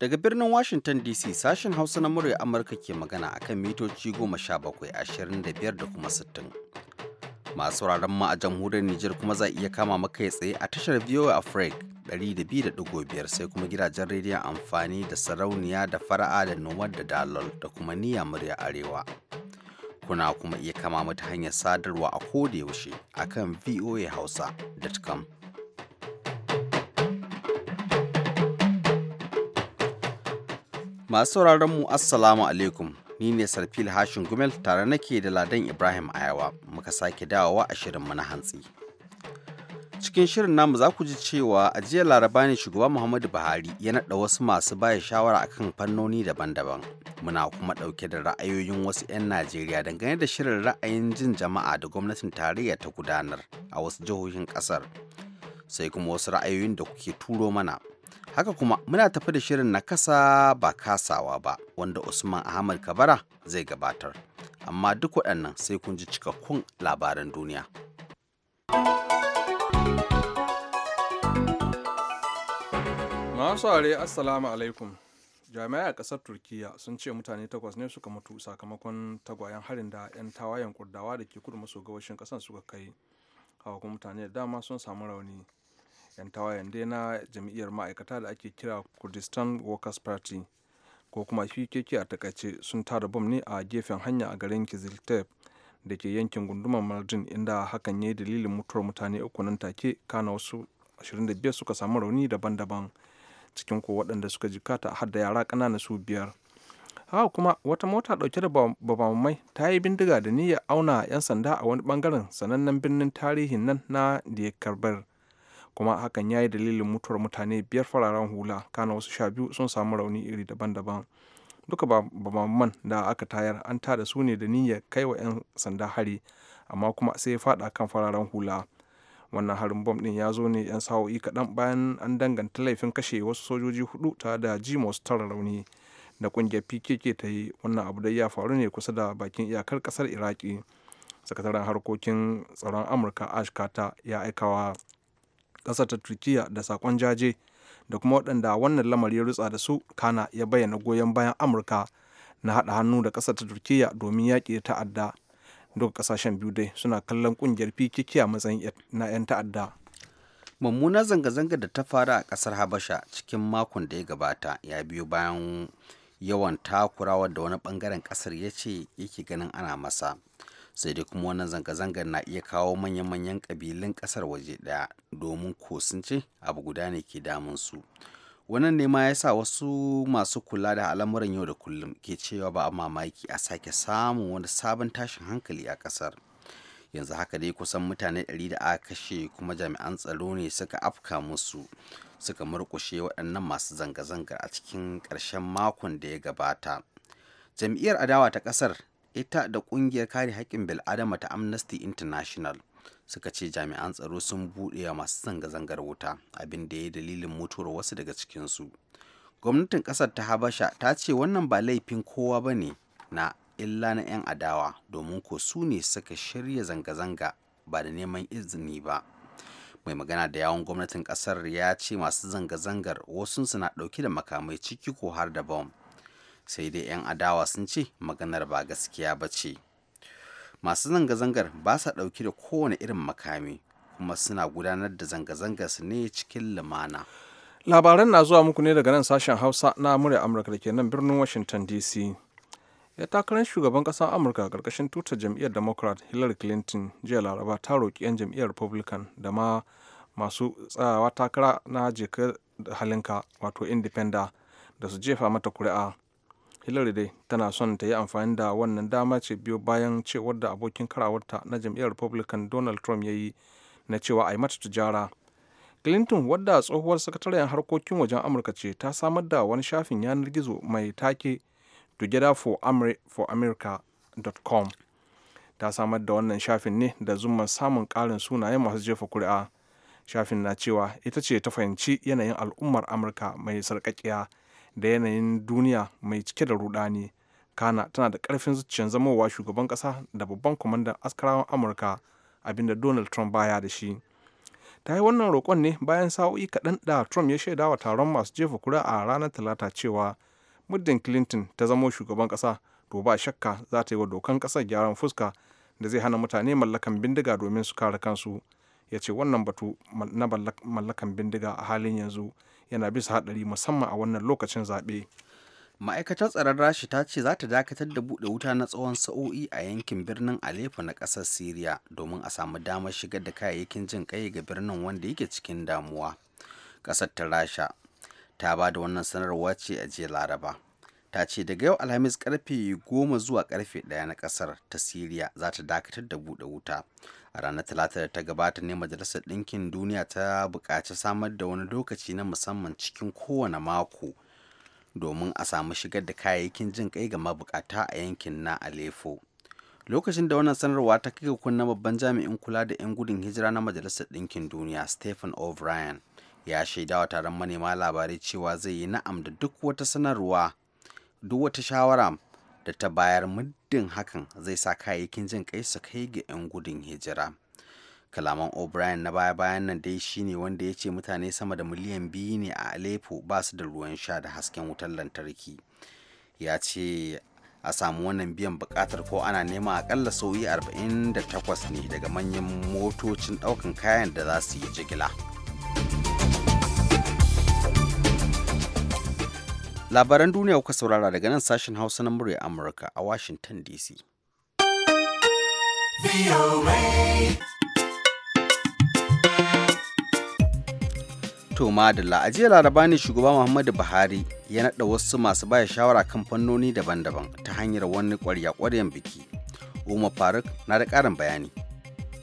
Daga birnin Washington DC sashen Hausa na murya Amurka ke magana a kan mitoci 17, 25 da kuma 60. Masu sauraron mu a jamhuriyar Nijar kuma za iya kama makai tsaye a tashar VOA Africa biyar sai kuma gidajen rediyon amfani da sarauniya da fara'a da noma da dalol da kuma niyya murya arewa. Kuna kuma iya kama mata hanyar sadarwa a koda yaushe kan voahausa.com. Masu sauraron mu Assalamu alaikum. Ni ne Sarfil Hashin Gumel tare nake da Ladan Ibrahim Ayawa. Muka sake dawowa a shirin mu na hantsi. Cikin shirin namu za ku ji cewa a jiya laraba ne shugaba Muhammadu Buhari ya naɗa wasu masu baya shawara akan fannoni daban-daban. Muna kuma ɗauke da ra'ayoyin wasu 'yan Najeriya dangane da shirin ra'ayin jin jama'a da gwamnatin tarayya ta gudanar a wasu jihohin ƙasar. Sai kuma wasu ra'ayoyin da kuke turo mana. haka kuma muna tafi da shirin na kasa ba kasawa ba wanda usman ahmad kabara zai gabatar amma duk waɗannan sai kun ji cikakkun labaran duniya masu are assalamu alaikum jami'ai a ƙasar turkiya sun ce mutane takwas ne suka mutu sakamakon tagwayen harin da 'yan tawayen kurdawa da ke kudu maso gabashin ƙasar suka kai hawa kuma mutane da dama sun samu rauni 'yan tawayen dai na jam'iyyar ma'aikata da ake kira kurdistan workers party ko kuma pkk a takaice sun tara bom ne a gefen hanya a garin kiziltep da ke yankin gunduman mardin inda hakan ya yi dalilin mutuwar mutane uku nan take kana wasu 25 suka samu rauni daban-daban cikin ko waɗanda suka jikata har da yara ƙanana su biyar haka kuma wata mota ɗauke da babamai ta yi bindiga da niyyar auna 'yan sanda a wani bangaren sanannen birnin tarihin nan na diyar kuma hakan ya yi dalilin mutuwar mutane biyar fararen hula kana wasu sha biyu sun samu rauni iri daban-daban duka babamman da aka tayar an tada su ne da niyyar kai wa 'yan sanda hari amma kuma sai ya fada kan fararen hula wannan harin bom din ya zo ne 'yan sa'o'i kaɗan bayan an danganta laifin kashe wasu sojoji hudu ta da ji tara rauni da kungiyar pkk ta yi wannan abu dai ya faru ne kusa da bakin iyakar kasar iraki sakataren harkokin tsaron amurka ash ya aikawa ƙasar ta turkiya da sakon jaje da kuma waɗanda wannan lamari ya rutsa da su kana ya bayyana goyon bayan amurka na haɗa hannu da ƙasar ta turkiya domin yaƙi da ta'adda duka ƙasashen biyu dai suna kallon ƙungiyar pkk a matsayin na 'yan ta'adda mummunar zanga-zanga da ta faru a ƙasar habasha cikin makon da ya gabata ya biyo bayan yawan takurawa da wani bangaren kasar ya ce yake ganin ana masa sai dai kuma wannan zanga-zangar na iya kawo manya-manyan ƙabilun ƙasar waje ɗaya domin ko sun ce abu guda ne ke damun su wannan ne ma ya sa wasu masu kula da al'amuran yau da kullum ke cewa ba a mamaki a sake samun wani sabon tashin hankali a ƙasar yanzu haka dai kusan mutane 100 da aka kashe kuma jami'an tsaro ne suka afka musu suka murkushe waɗannan masu zanga-zangar a cikin ƙarshen makon da ya gabata jam'iyyar adawa ta ƙasar ita da kungiyar kare haƙƙin bil'adama ta amnesty international suka ce jami'an tsaro sun buɗe masu zanga-zangar wuta abin da ya dalilin mutuwar wasu daga cikinsu gwamnatin ƙasar ta habasha ta ce wannan ba laifin kowa ba ne na illa na 'yan adawa domin ko su ne suka shirya zanga-zanga ba da neman izini ba mai magana da yawon gwamnatin ƙasar ya ce masu zanga-zangar wasu suna ɗauke da makamai ciki ko har da bom sai dai 'yan adawa sun ce maganar ba gaskiya ba ce masu zanga-zangar ba sa ɗauki da kowane irin makami kuma suna gudanar da zanga-zangar su ne cikin lumana labaran na zuwa muku ne daga nan sashen hausa na murya amurka da ke nan birnin washington dc ya takarar shugaban ƙasar amurka a ƙarƙashin tutar jam'iyyar democrat hillary clinton jiya laraba ta roƙi 'yan jam'iyyar republican da ma masu tsayawa takara na jeka halinka wato independent da su jefa mata kuri'a hillary dai tana son ta yi amfani da wannan dama ce biyo bayan cewar da abokin karawarta na jam'iyyar republican donald trump ya yi na cewa a yi mata tijara clinton wadda tsohuwar sakataren harkokin wajen amurka ce ta samar da wani shafin yanar gizo mai take togetherforamerica.com for, for america.com ta samar da wannan shafin ne da zuma samun karin sunayen masu jefa kuri'a shafin na cewa ita ce ta fahimci yanayin al'ummar amurka mai sarƙaƙiya da yanayin duniya mai cike da rudani kana tana da karfin zuciyar zamowa shugaban kasa da babban kwamandan askarawan amurka abinda donald trump baya da shi ta yi wannan roƙon ne bayan sa'o'i kaɗan da trump ya shaida wa taron masu jefa kura a ranar talata cewa muddin clinton ta zamo shugaban ƙasa to ba shakka za ta yi wa dokan ƙasar gyaran fuska da zai hana mutane mallakan bindiga domin su kare kansu ya ce wannan batu na mallakan bindiga a halin yanzu yana bisa haɗari musamman a wannan lokacin zaɓe. ma'aikatar tsaron rashi ta ce za ta dakatar da buɗe wuta na tsawon sa'o'i a yankin birnin aleppo na ƙasar syria domin a samu damar shigar da kayayyakin jin kai ga birnin wanda yake cikin damuwa ƙasar ta rasha ta ba da wannan sanarwa ce a jiya laraba ta ce daga yau alhamis karfe goma zuwa karfe ɗaya na kasar ta siriya za ta dakatar da buɗe wuta a ranar talata da ta gabata ne majalisar ɗinkin duniya ta buƙaci samar da wani lokaci na musamman cikin kowane mako domin a samu shigar da kayayyakin jin kai ga mabukata a yankin na alefo Lokacin da wannan sanarwa ta kai kunna babban jami'in kula da 'yan gudun hijira na Majalisar Ɗinkin Duniya Stephen O'Brien ya shaidawa taron manema labarai cewa zai yi na'am da duk wata sanarwa duk wata shawara da ta bayar muddin hakan zai sa kayayyakin jin kai su kai ga 'yan gudun hijira kalaman o'brien na baya-bayan nan dai shine wanda ya ce mutane sama da miliyan biyu ne a aleppo ba su da ruwan sha da hasken wutar lantarki ya ce a samu wannan biyan bukatar ko ana nema akalla sauyi 48 ne daga manyan motocin daukan kayan da za su yi jigila. labaran duniya kuka saurara daga nan sashen hausa na murya amurka a washington dc to madalla a jiya laraba ne shugaba muhammadu buhari ya naɗa wasu masu baya shawara kan fannoni daban-daban ta hanyar wani ƙwarya kwaryan biki umar faruk na da ƙarin bayani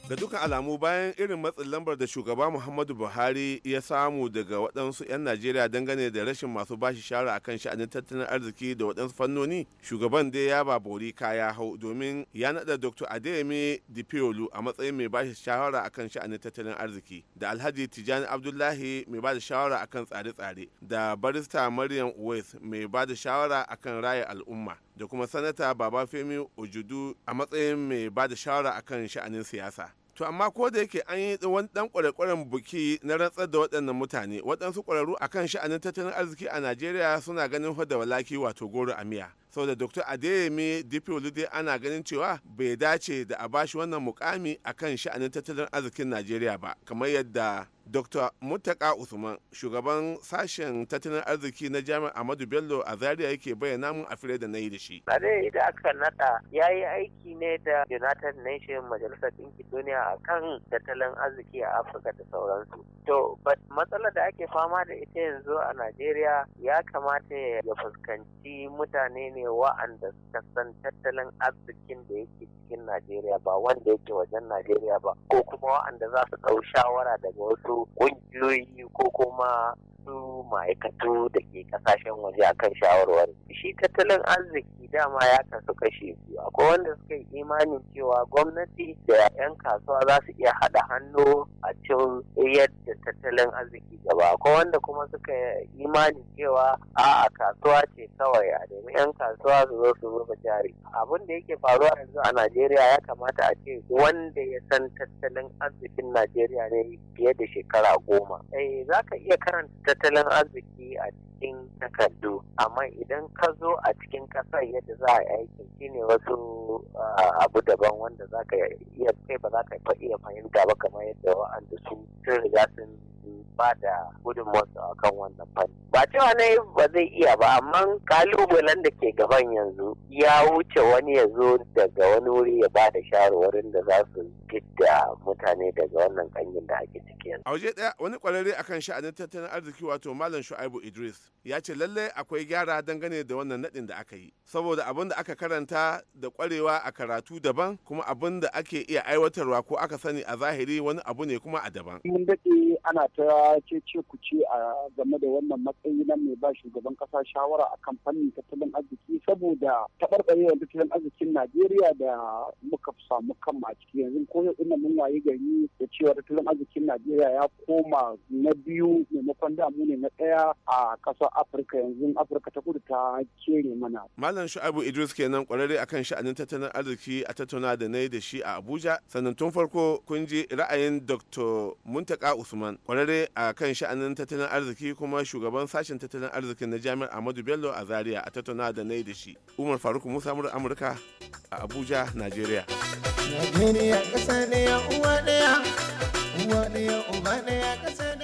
da dukkan alamu bayan irin matsin lambar da shugaba muhammadu buhari ya samu daga waɗansu 'yan najeriya dangane da rashin masu bashi shara a kan sha'anin tattalin arziki da waɗansu fannoni shugaban dai ya ba bori kaya hau domin ya naɗa dr adeyemi dipiolu a matsayin mai bashi shawara a kan sha'anin tattalin arziki da alhaji tijani abdullahi mai bada shawara a kan tsare-tsare da barista maryam uwais mai bada shawara a kan raya al'umma da kuma sanata baba femi ojudu a matsayin mai ba da shawara akan sha'anin siyasa to amma ko da yake an yi wani dan kwarekwaren buki na rantsar da waɗannan mutane waɗansu kwararru akan sha'anin tattalin arziki a najeriya suna ganin da walaki wato goro a miya saboda dr adeyemi dipolode ana ganin cewa bai dace da a bashi wannan mukami akan sha'anin tattalin arzikin najeriya ba kamar yadda dr mutaka usman shugaban sashen tattalin arziki na jami'ar amadu bello a zaria yake bayyana mun a da na yi da shi are da aka nada ya yi aiki ne da united nations majalisar ɗinkin duniya a kan tattalin arziki a afirka da sauransu to matsalar da ake fama da ita yanzu a najeriya ya kamata ya fuskanci mutane ne ne wa'anda suka san tattalin arzikin da yake cikin Najeriya ba wanda yake wajen Najeriya ba ko kuma wa'anda za su ɗau shawara daga wasu ƙungiyoyi ko kuma wasu ma'aikatu da ke kasashen waje akan shawarwari shi tattalin arziki dama ya kasu kashe biyu akwai wanda suka yi imanin cewa gwamnati da 'yan kasuwa za su iya haɗa hannu a cin yadda tattalin arziki gaba akwai wanda kuma suka yi imanin cewa a'a kasuwa ce kawai a domin 'yan kasuwa su zo su zuba jari abin da yake faruwa yanzu a najeriya ya kamata a ce wanda ya san tattalin arzikin najeriya ne fiye da shekara goma eh, za ka iya karanta tattalin arziki a cikin takardu amma idan ka zo a cikin ƙasar yadda za a yi aikin shine wasu ah, abu daban wanda za ka iya kai ba za ka iya fahimta ba kamar yadda wa'anda sun riga sun ba da gudunmawarsu a kan wannan fanni. Ba cewa ne ba zai iya ba amma kalubalen da ke gaban yanzu ya wuce wani ya zo daga wani wuri ya ba da shawarwarin da za su fidda mutane daga wannan kanyin da ake ciki yanzu. A waje daya, wani kwararre akan sha'anin tattalin arziki wato Malam Shu'aibu Idris ya ce lalle akwai gyara dangane da wannan nadin da aka yi saboda abin da aka karanta da kwarewa a karatu daban kuma abin da ake iya aiwatarwa ko aka sani a zahiri wani abu ne kuma a daban mun dade ana ta ce ku ce a game da wannan matsayi na mai ba shugaban kasa shawara a kamfanin tattalin arziki saboda taɓarɓarewar tattalin arzikin Najeriya da muka samu kanmu a ciki yanzu ko yau mun waye gari da cewa tattalin arzikin Najeriya ya koma na biyu maimakon da mu ne na ɗaya a wasan Afirka yanzu Afirka ta kudu ta kere mana. Malam Shu'abu Idris kenan kwararre akan sha'anin tattalin arziki a tattauna da na da shi a Abuja. Sannan tun farko kun ji ra'ayin Dr. Muntaka Usman kwararre a kan sha'anin tattalin arziki kuma shugaban sashen tattalin arzikin na Jami'ar Ahmadu Bello a Zaria a tattauna da na da shi. Umar Faruk Musa Amurka a Abuja, Najeriya.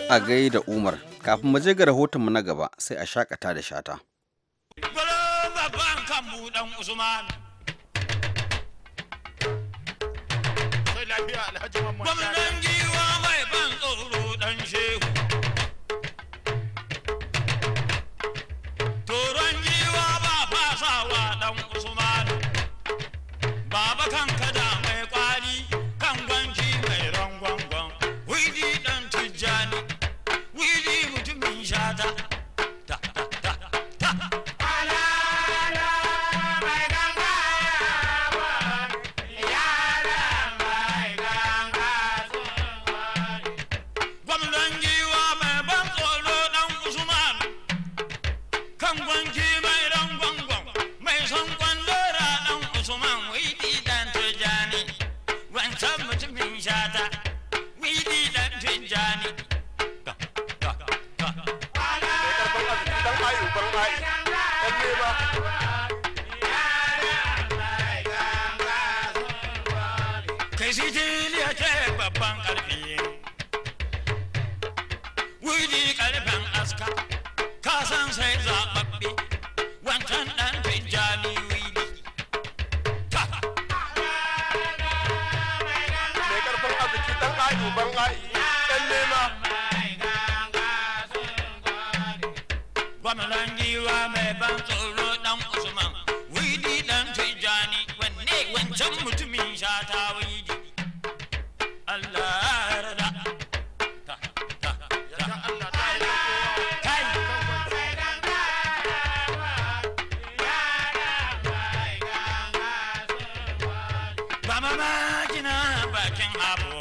A gaida Umar. Kafin mu je ga rahotonmu na gaba sai a shakata da shata. Gwamnan baba makina bakin abu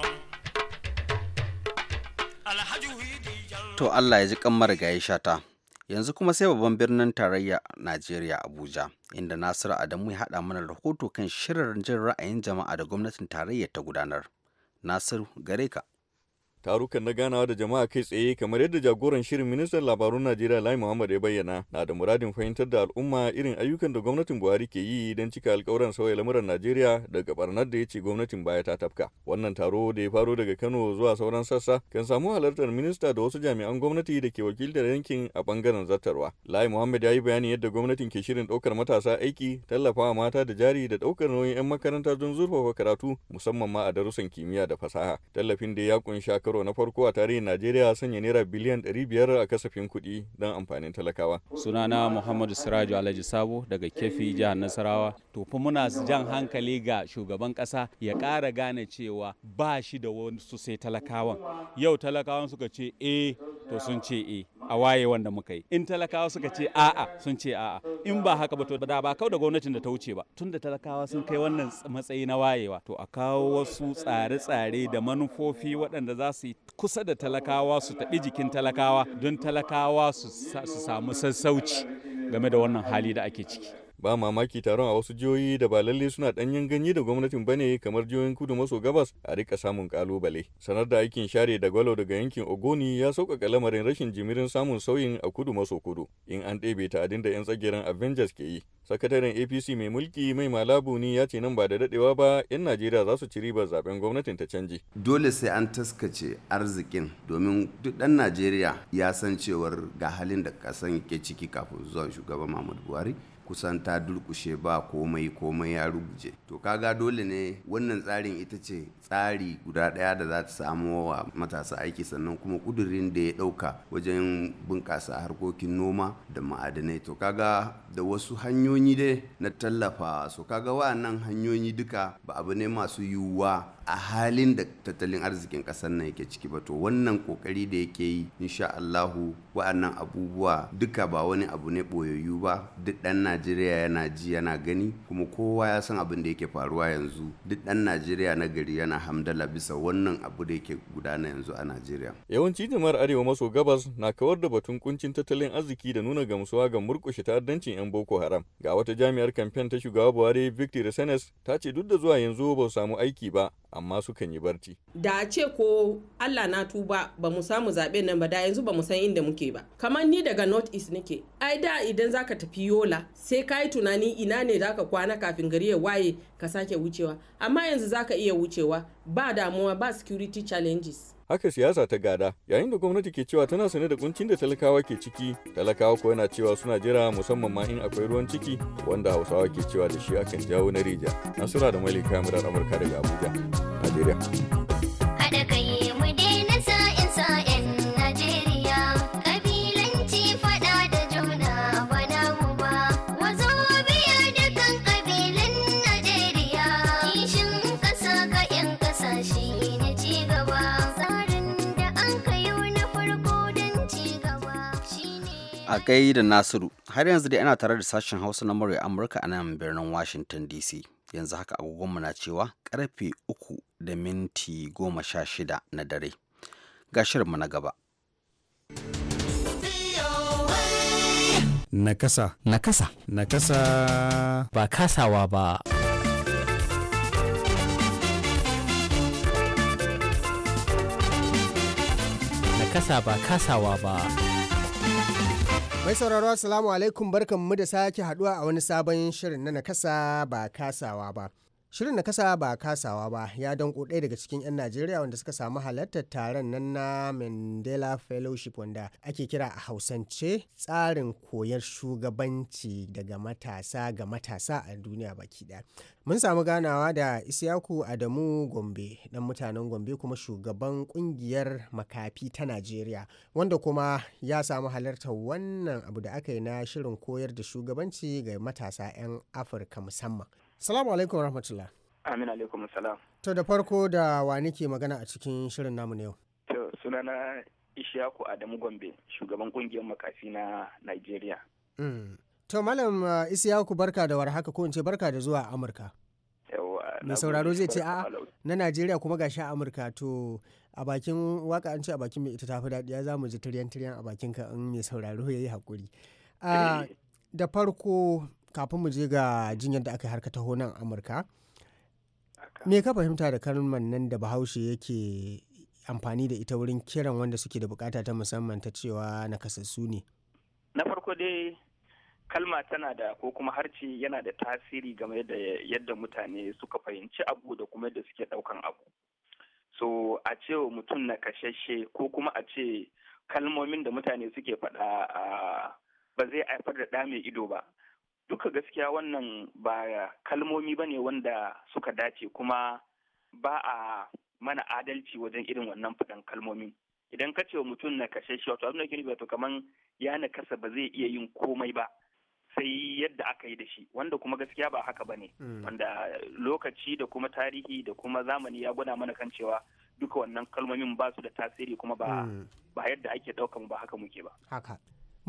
to Allah ya ji kan marigayi shata yanzu kuma sai babban birnin tarayya Najeriya Abuja inda Nasiru Adamu ya haɗa mana rahoto kan shirin jin ra'ayin jama'a da gwamnatin tarayya ta gudanar Nasiru gare ka tarukan na ganawa da jama'a kai tsaye kamar yadda jagoran shirin ministan labarun najeriya lai muhammad ya bayyana na da muradin fahimtar da al'umma irin ayyukan da gwamnatin buhari ke yi don cika alkawuran sauya lamuran najeriya daga barnar da ya ce gwamnatin baya ta tafka wannan taro da ya faro daga kano zuwa sauran sassa kan samu halartar minista da wasu jami'an gwamnati da ke wakiltar yankin a bangaren zartarwa lai muhammad ya yi bayani yadda gwamnatin ke shirin ɗaukar matasa aiki tallafawa mata da jari da ɗaukar nauyin 'yan makaranta don zurfafa karatu musamman ma a darussan kimiyya da fasaha tallafin da ya kunsha karo na farko a tarihin Najeriya sanya naira biliyan 500 a kasafin kuɗi don amfanin talakawa. Sunana Muhammadu Siraju Alhaji Sabo daga Kefi jihar Nasarawa. To muna jan hankali ga shugaban ƙasa ya ƙara gane cewa ba shi da wasu sai talakawan. Yau talakawan suka ce eh to sun ce eh. a waye wanda muka yi in talakawa suka ce a'a sun ce a'a in ba haka ba to da ba kawo da gwamnatin da ta wuce ba tunda talakawa sun kai wannan matsayi na wayewa to a kawo wasu tsare-tsare da manufofi waɗanda za su yi kusa da talakawa su taɓi jikin talakawa don talakawa su samu sassauci game da wannan hali da ake ciki ba mamaki taron a wasu jihohi da ba lalle suna danyen ganye da gwamnatin bane kamar jihohin kudu maso gabas a rika samun kalubale sanar da aikin share da gwalo daga yankin ogoni ya sauƙaƙa lamarin rashin jimirin samun sauyin a kudu maso kudu in an ɗebe ta'adin da 'yan tsagiran avengers ke yi sakataren apc mai mulki mai malabu ni ya ce nan ba da dadewa ba 'yan najeriya za su ci ribar zaben gwamnatin ta canji dole sai an taskace arzikin domin duk dan najeriya ya san cewar ga halin da kasan ke ciki kafin zuwan shugaban muhammadu buhari kusan ta durkushe ba komai komai ya rubuce to kaga dole ne wannan tsarin ita ce tsari guda ɗaya da za ta samu wa matasa aiki sannan kuma kudurin da ya ɗauka wajen bunƙasa harkokin noma da ma'adanai to kaga da wasu hanyoyi dai na tallafa so kaga nan hanyoyi duka ba abu ne masu yiwuwa a halin da tattalin arzikin ƙasar nan yake ciki ba to wannan ƙoƙari da yake yi insha Allahu wa'annan abubuwa duka ba wani abu ne ɓoyayyu ba duk ɗan Najeriya yana ji yana gani kuma kowa ya san abin da yake faruwa yanzu duk ɗan Najeriya na gari yana hamdala bisa wannan abu da yake gudana yanzu a Najeriya. Yawanci jama'ar Arewa maso gabas na kawar da batun kuncin tattalin arziki da nuna gamsuwa ga murƙushe ta'addancin 'yan Boko Haram. Ga wata jami'ar kamfen ta shugaba Buhari Victor Senes ta ce duk da zuwa yanzu ba su samu aiki ba amma sukan yi barci da a ce ko allah na tuba ba mu samu zaɓe nan ba da yanzu ba mu san inda muke ba kamar ni daga north east nake ai da idan zaka tafi yola sai ka yi tunani ina ne zaka kwana kafin gari ya waye ka sake wucewa amma yanzu zaka iya wucewa ba damuwa ba security challenges haka siyasa ta gada yayin da gwamnati ke cewa tana sane da kuncin da talakawa ke ciki talakawa ko yana cewa suna jira musamman ma in akwai ruwan ciki wanda hausawa ke cewa da shi akan jawo na rija nasura da mali kamar amurka daga abuja najeriya haɗa kai a da Nasiru har yanzu dai ana tare da sashen Hausa na murya Amurka a nan birnin Washington DC yanzu haka agogonmu na cewa karfe uku da minti goma sha shida na dare ga shirinmu na gaba. Nakasa. Nakasa. Nakasa. Ba kasawa ba. Nakasa ba kasawa ba. Mai sauraro Assalamu alaikum mu da sake haduwa a wani sabon shirin na nakasa ba kasawa ba. Shirin na kasa ba kasawa ba ya danko ɗaya daga cikin 'yan Najeriya wanda suka samu halartar taron nan na Mandela Fellowship wanda ake kira a Hausance tsarin koyar shugabanci daga matasa ga matasa a duniya baki ɗaya. Mun samu ganawa da Isiyaku Adamu Gombe dan mutanen Gombe kuma shugaban kungiyar makafi ta Najeriya wanda kuma ya samu halartar wannan abu da aka yi na shirin koyar da shugabanci ga matasa 'yan Afirka musamman. Salamu alaikum rahmatullah. Amin alaikum salam. To da farko da wa nake magana a cikin shirin namu na yau. To sunana Ishaku Adamu Gombe, shugaban kungiyar makafi na Nigeria. Mm. To malam uh, Ishaku barka da warhaka ko in ce barka da zuwa Amurka. mai sauraro zai ce a na najeriya kuma ga sha amurka to a bakin waka an ce a bakin mai ita tafi ya za mu ji tiryan tiryan a bakin ka in mai sauraro ya yi haƙuri eh. ah, da farko kafin mu je ga jinyar da aka yi harka taho nan amurka me ka fahimta da kalmar nan da bahaushe yake amfani da ita wurin kiran wanda suke da bukata ta musamman ta cewa nakasassu ne na farko dai kalma tana da ko kuma harci yana da tasiri game da yadda mutane suka fahimci abu da kuma yadda suke daukan abu so a ce mutum na kashashe ko kuma a ce kalmomin da mutane suke faɗa ba zai haifar da ɗa mai ido ba duka gaskiya wannan ba kalmomi ba ne wanda suka dace kuma ba a mana adalci wajen irin wannan faɗan kalmomi idan ka ce wa mutum na kashe shi wato abin da ke wato kaman ya nakasa ba zai iya yin komai ba sai yadda aka yi da shi wanda kuma gaskiya ba haka ba ne hmm. wanda lokaci da kuma tarihi da kuma zamani ya gwada mana kan cewa duka wannan kalmomin ba su da tasiri kuma ba hmm. yadda ake ɗaukan ba haka muke ba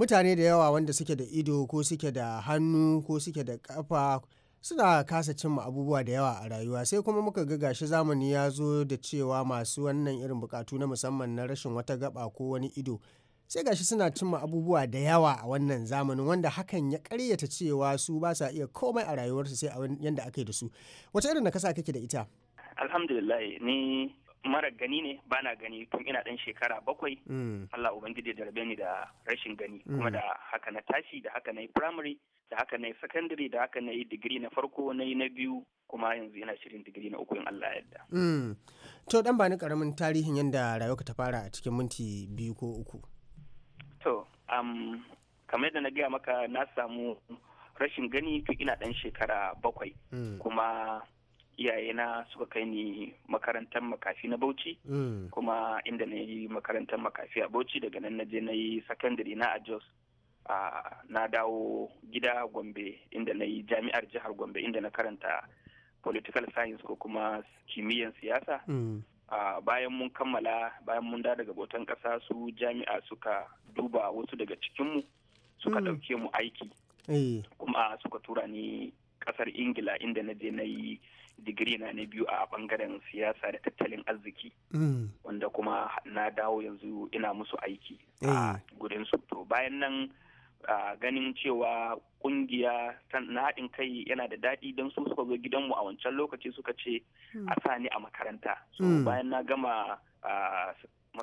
mutane da yawa wanda suke da ido ko suke da hannu ko suke da kafa suna kasa cin abubuwa da yawa a rayuwa sai kuma muka ga gashi zamani ya zo da cewa masu wannan irin bukatu na musamman na rashin wata gaba ko wani ido sai gashi suna cin abubuwa da yawa a wannan zamanin wanda hakan ya karyata cewa su ba sa iya komai a rayuwarsu sai a yanda ake da su wata irin kasa kake da ita alhamdulillah ni mara gani ne ba na gani tun ina ɗan shekara bakwai mm. Allah ubangiji da rabe ni da rashin gani mm. kuma da haka na tashi da haka na yi primary da haka na yi secondary da haka na yi digiri na farko na yi na biyu kuma yanzu yana shirin digiri na uku in Allah yadda. Mm. To dan ba ni karamin tarihin yadda rayuwarka ta fara a cikin minti biyu ko uku. To kamar yadda na gaya maka na samu rashin gani tun ina ɗan shekara bakwai kuma iyayena suka kai ni makarantar makafi na bauchi mm. kuma inda na yi makarantar makafi a bauchi daga nan na je na yi sakandare na a jos na dawo gida gombe inda na yi jami'ar jihar gombe inda na karanta political science ko kuma kimiyyar siyasa mm. bayan mun kammala bayan mun da daga botan ƙasa su jami'a suka duba wasu daga cikinmu suka mm. ɗauke mu aiki eh. kuma suka tura ni kasar ingila inda na je na yi digiri na na biyu a bangaren siyasa da tattalin arziki mm. wanda kuma na dawo yanzu ina musu aiki a eh. su to bayan nan ganin cewa kungiya na haɗin kai yana da daɗi don su suka zo gidanmu a wancan lokaci suka ce mm. a sa ni a makaranta mm. bayan na gama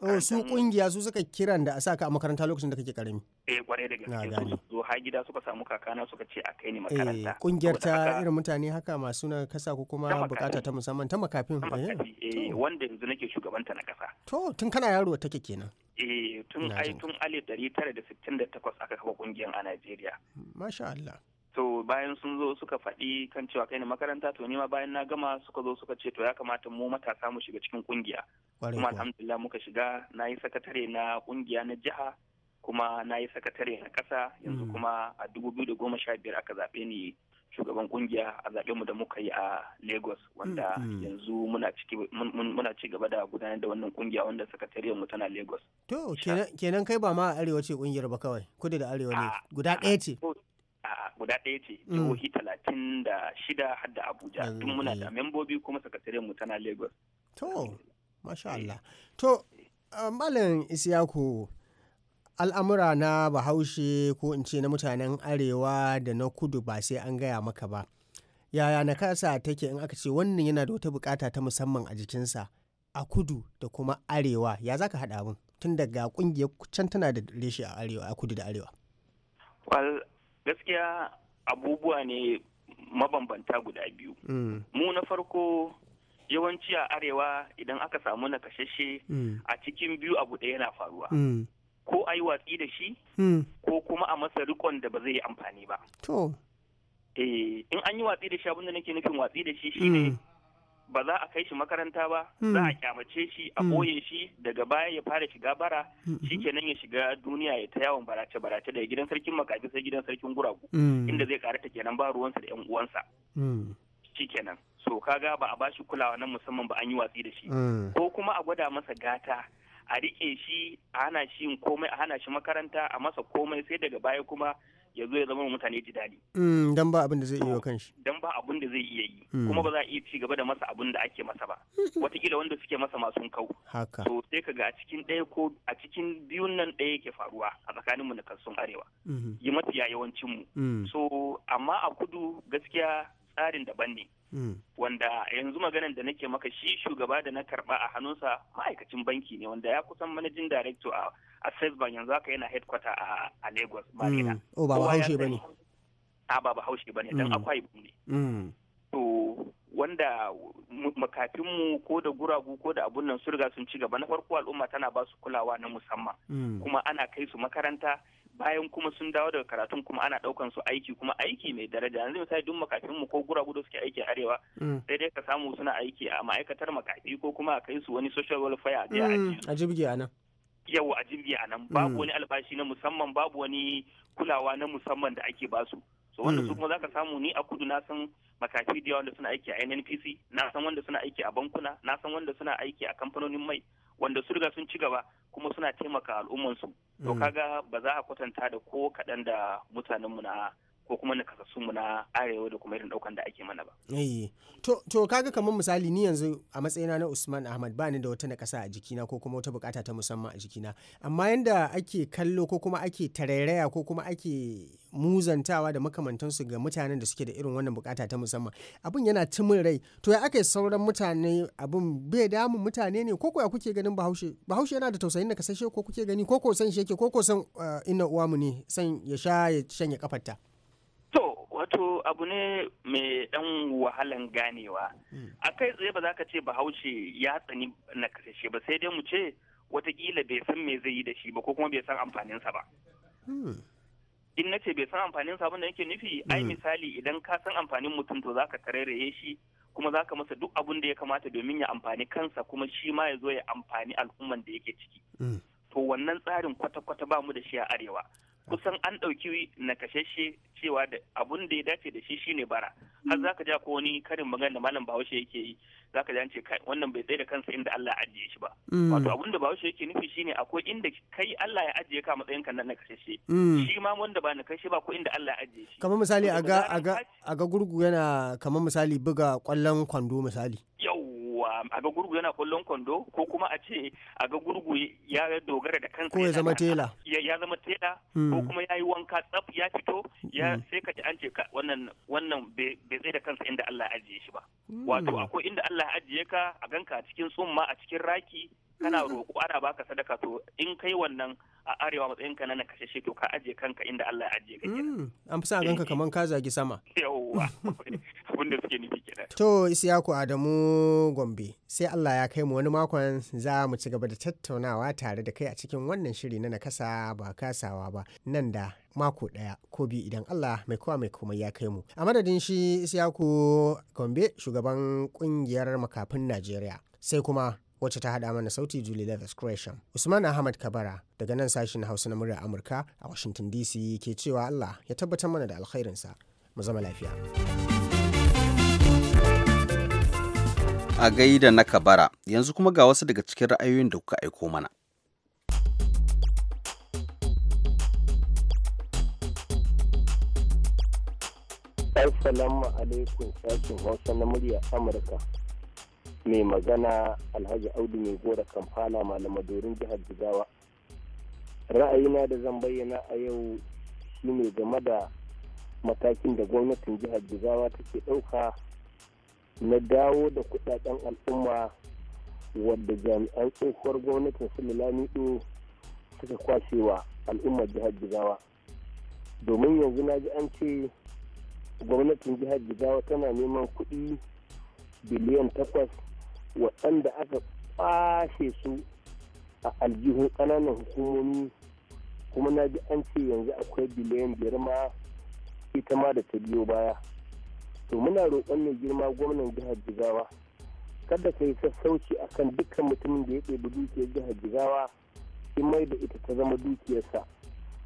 Oh, su kungiya su suka kiran da a saka a makaranta lokacin da kake karami. Eh kwarai da gaske su zo har gida suka samu kakana suka ce a kai ni eh, makaranta. Eh kungiyar ta irin mutane haka masu na kasa ko kuma bukata ta musamman ta makafin. Eh, eh wanda yanzu nake shugabanta na kasa. To tun kana yaro take kenan. Eh tun ai tun alif 1968 aka kafa kungiyar a Najeriya. Masha Allah. to bayan sun zo suka faɗi kan cewa kai ne makaranta to nima bayan na gama suka zo suka ce to ya kamata mu matasa mu shiga cikin kungiya kuma alhamdulillah muka shiga na yi sakatare na kungiya na jiha kuma na yi sakatare na kasa yanzu mm. kuma a dubu biyu da goma sha biyar aka zaɓe ni shugaban kungiya a zaɓe mu da muka yi a lagos wanda mm, mm. yanzu muna ci gaba da gudanar da wannan kungiya wanda sakatariyar mu tana lagos to kenan kai ba ma a arewa ce kungiyar ba kawai kudu da arewa ne guda ɗaya ce guda ɗaya ce mm. jihohi talatin da shida har da abuja tun muna eh. da membobi kuma sakatare mu tana lagos to masha eh. Allah to eh, malam isiyaku al'amura na bahaushe ko in ce na mutanen arewa da na kudu ba sai an gaya maka ba yaya na kasa take in aka ce wannan yana da wata bukata ta musamman a jikinsa a kudu da kuma arewa ya za ka haɗa abin tun daga kungiyar can tana da reshe a kudu da arewa gaskiya abubuwa ne mabambanta guda biyu mm. mu na farko yawanci a arewa idan aka samu na kashashe mm. a cikin biyu abu ɗaya yana faruwa mm. ko a yi watsi da shi ko kuma a masa rikon da ba zai yi amfani ba eh, in an yi watsi da shi abinda nake nufin watsi da shi shine ba za a kai shi makaranta ba hmm. za a kyamace shi a hmm. boye shi daga baya ya fara shiga bara hmm. shikenan ya shiga duniya ya ta yawon barace barace daga gidan sarkin makafi sai gidan sarkin guragu inda zai ta kenan ba ruwansa da yan uwansa shikenan so kaga ba a bashi kulawa na musamman ba an yi watsi da shi ko kuma a gwada masa gata a rike shi a hana shi komai a hana shi makaranta a masa komai sai daga baya kuma ya zo ya zama mutane ji daɗi. Mm, dan ba abin da zai iya kanshi. Dan ba abin da zai iya yi. Mm. Kuma ba za a iya ci gaba da masa abin da ake masa ba. Wataƙila wanda suke masa masu kau. Haka. To sai ka ga a cikin ɗaya ko a cikin biyun nan ɗaya yake faruwa a tsakanin mu na kasun arewa. Mm-hmm. Yi mafiya yawancin mu. Mm. So amma a kudu gaskiya tsarin daban ne. Wanda yanzu maganan da nake maka shi shugaba da na karɓa a hannunsa ma'aikacin banki ne wanda ya kusan manajin director a access bank yanzu haka yana headquarter a, a lagos marina mm. oh ba haushe ba ne a ba haushe ba mm. ne don akwai ne to wanda makafinmu ko da guragu ko da abun nan surga sun ci gaba na farko al'umma tana ba su kulawa na musamman mm. kuma ana kai su makaranta bayan kuma sun dawo daga karatun kuma ana ɗaukan su aiki kuma aiki mai daraja yanzu misali duk makafin mu ko guragu da suke aiki arewa sai dai ka samu suna aiki a ma'aikatar makafi ko kuma a kai su wani social welfare a jiya a jibge a nan yau a jirgi a nan hmm. babu wani albashi na musamman babu wani kulawa na musamman da ake basu so wanda su hmm. kuma zaka samu ni a kudu na san makafi da wanda suna aiki a NNPC na san wanda suna aiki a bankuna na san wanda suna aiki a kamfanonin mai wanda su riga sun ci gaba kuma suna taimaka al'ummansu to hmm. kaga ba za a kwatanta da ko kaɗan da mutanenmu na ko kuma na kasassu mu na arewa da kuma irin daukan da ake mana ba. Eh to to kaga kamar misali ni yanzu a matsayina na Usman Ahmad ba ni da wata nakasa a jikina ko kuma wata bukata ta musamman a jikina amma yanda ake kallo ko kuma ake tarairaya ko kuma ake muzantawa da makamantansu ga mutanen da suke da irin wannan bukata ta musamman abin yana timin rai to ya aka sauran mutane abin bai damun mutane ne ko ya kuke ganin bahaushe bahaushe yana da tausayin da kasashe ko kuke gani ko ko san shi yake ko ko san eh, ina uwa mu ne san ya sha ya shanye kafarta wato abu ne mai dan wahalan ganewa hmm. a kai tsaye ba za ka ce bahaushe ya tsani na kasashe ba sai dai mu ce watakila bai san me zai yi da shi ba ko kuma bai san amfaninsa ba hmm. in na ce bai san amfanin abin da yake nufi ai hmm. misali idan ka san amfanin mutum to zaka tarairaye shi kuma zaka masa duk abun da ya kamata domin ya amfani kansa kuma shi ma ya zo ya amfani al'umman da yake ciki to wannan tsarin kwata-kwata ba mu da shi a arewa kusan an ɗauki na nakashashe cewa da abun da ya dace da shi shi ne bara har hmm. zaka ja ko wani karin magana da malam bahaushe yake yi zaka ji an ce kai wannan bai tsaye da kansa inda Allah ya ajiye shi ba hmm. wato abun da bahaushe yake nufi shine akwai inda kai Allah ya ajiye ka matsayin kan nan kashe hmm. shi ma wanda ba na nakashashe ba ko inda Allah ya ajiye shi kamar misali aga aga gurgu yana kamar misali buga kwallon kwando misali yau Um, a ga gurgu yana kwallon kwando ko kuma a ce a ga gurgu ya dogara da kansa ya zama tela ya zama tela ko hmm. kuma ya yi wanka tsaf ya fito ya hmm. sai ka ji an ce wannan wannan bai zai da kansa inda Allah ya ajiye shi ba hmm. wato akwai inda Allah ya ajiye ka a ganka a cikin tsumma a cikin raki kana mm-hmm. roƙo ana baka sadaka to in kai wannan a arewa matsayin ka na kashe shi to ka aje kanka inda Allah ya aje ka kenan mm, an fi sa ganka eh. kaman ka zagi sama yawwa abinda suke nufi kenan to Isiyaku Adamu Gombe sai Allah ya kai mu wani makon za mu ci gaba da tattaunawa tare da kai a cikin wannan shiri na nakasa ba kasawa ba nan da mako daya ko biyu idan Allah mai kowa mai komai ya kai mu a madadin shi Isiyaku Gombe shugaban kungiyar makafin Najeriya sai kuma wacce ta hada mana sauti Julie Levis Gresham. Usman Ahmad Kabara daga nan sashin Hausa na muryar Amurka a Washington DC ke cewa Allah ya tabbatar mana da alkhairinsa. Mu zama lafiya. A gaida na Kabara, yanzu kuma ga wasu daga cikin ra'ayoyin da kuka aiko mana. Assalamu alaikum, sashin Hausa na muryar Amurka. mai magana alhaji audu mai gora malama dorin jihar jigawa ra'ayina da zan bayyana a yau shine game da matakin da gwamnatin jihar jigawa take ɗauka na dawo da kudaden al'umma wadda jami'an tsohuwar gwamnatin sulalamido suka kwashewa al'ummar jihar jigawa domin yanzu na ji an ce gwamnatin jihar jigawa tana neman kuɗi biliyan takwas waɗanda aka ɓashe su a aljihun ƙananan hukumomi kuma na ji an ce yanzu akwai biliyan biyar ma ita ma da ta biyo baya to muna roƙon mai girma gwamnan jihar jigawa kada ka yi sassauci a kan dukkan mutumin da ya ɗebi dukiyar jihar jigawa in mai da ita ta zama dukiyarsa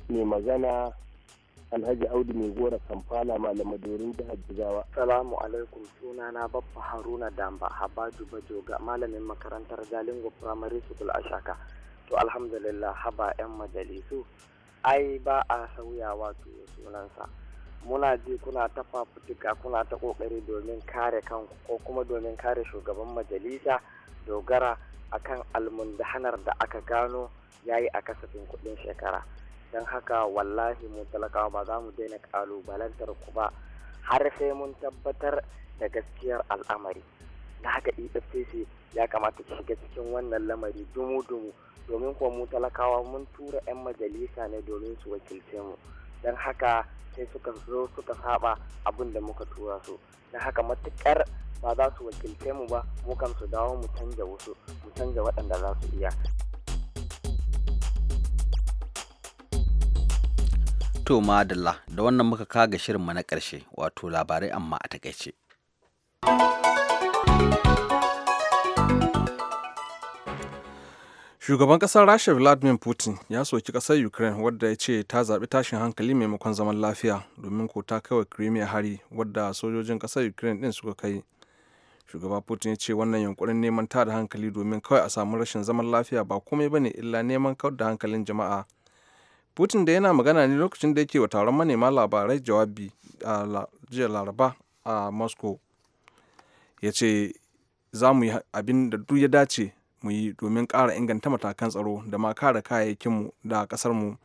mai magana alhaji audu mai gora kampala dorin jihar jigawa salamu alaikum suna na babba haruna damba habaju bajoga malamin makarantar galingo primary school a shaka to alhamdulillah haba yan majalisu ai ba a sauyawa to sunansa muna ji kuna ta fafutuka kuna ta kokari domin kare kanku ko kuma domin kare shugaban majalisa dogara akan almundahanar da aka gano yayi a kasafin kuɗin shekara dan haka wallahi mu talakawa ba za mu daina kalubalantar ku ba har sai mun tabbatar da gaskiyar al'amari da haka efcc ya kamata ki shiga cikin wannan lamari dumu-dumu domin kuwa mu talakawa mun tura 'yan majalisa ne domin su wakilce mu don haka sai suka zo suka saba abin da muka tura su don haka matukar ba za su wakilce mu ba mu kan su dawo mu canja wasu mu canja waɗanda za su iya to madalla da wannan muka kaga shirinmu na ƙarshe wato labarai amma a takaice. Shugaban ƙasar Rasha Vladimir Putin ya soki ƙasar Ukraine wadda ya ce ta zaɓi tashin hankali maimakon zaman lafiya domin ko ta kawai Crimea hari wadda sojojin ƙasar Ukraine ɗin suka kai. Shugaba Putin ya ce wannan yunkurin neman ta da hankali domin kawai a samu rashin zaman lafiya ba komai bane illa neman kawar da hankalin jama'a Putin da yana magana ne lokacin da yake wa taron manema labarai jawabi a jiya Laraba a Moscow. Ya ce, za mu yi abin da duk ya dace mu yi domin kara inganta matakan tsaro da ma kare kayayyakinmu da ƙasarmu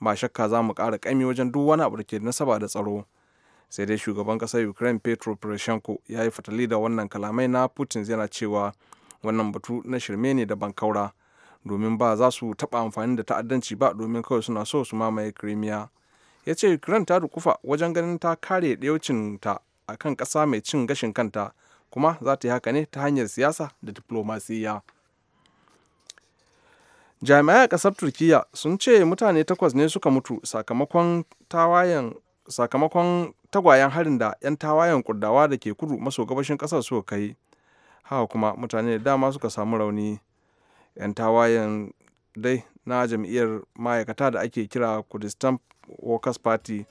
ba shakka za mu ƙara ƙami wajen duk wani abu da ke nasaba da tsaro. sai dai shugaban kasar ukraine petro poroshenko ya yi fatali da wannan kalamai na putin yana cewa wannan batu na shirme ne da bankaura domin ba za su taɓa amfani da ta'addanci ba domin kawai suna so su mamaye crimea ya ce ukraine ta rukufa wajen ganin ta kare ta a kan ƙasa mai cin gashin kanta kuma za ta yi haka ne ta hanyar siyasa da diplomasiya. jami'ai a ƙasar turkiya sun ce mutane takwas ne suka mutu sakamakon tagwayen harin da 'yan tawayen kurdawa da ke kudu maso gabashin ƙasar suka kai haka kuma mutane da dama suka samu rauni 'yan tawayen dai na jam'iyyar ma'aikata da ake kira kudistan workers party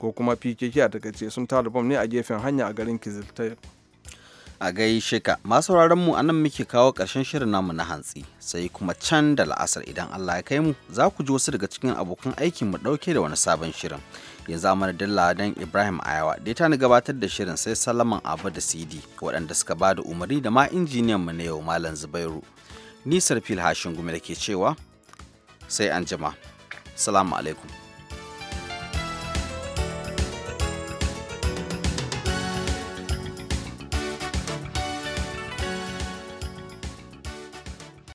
ko kuma pkk a takaice sun tara bom ne a gefen hanya a garin kizilta a gaishe ka masu mu a nan muke kawo ƙarshen shirin namu na hantsi sai kuma can da la'asar idan allah ya kai mu za ku ji wasu daga cikin abokan aikin mu ɗauke da wani sabon shirin yanzu zama da ladan ibrahim ayawa da ta ni gabatar da shirin sai salaman abu da sidi waɗanda suka ba da umarni da ma injiniyan mu na yau malam zubairu nisar fil hashin gumi da ke cewa sai an jima salamu alaikum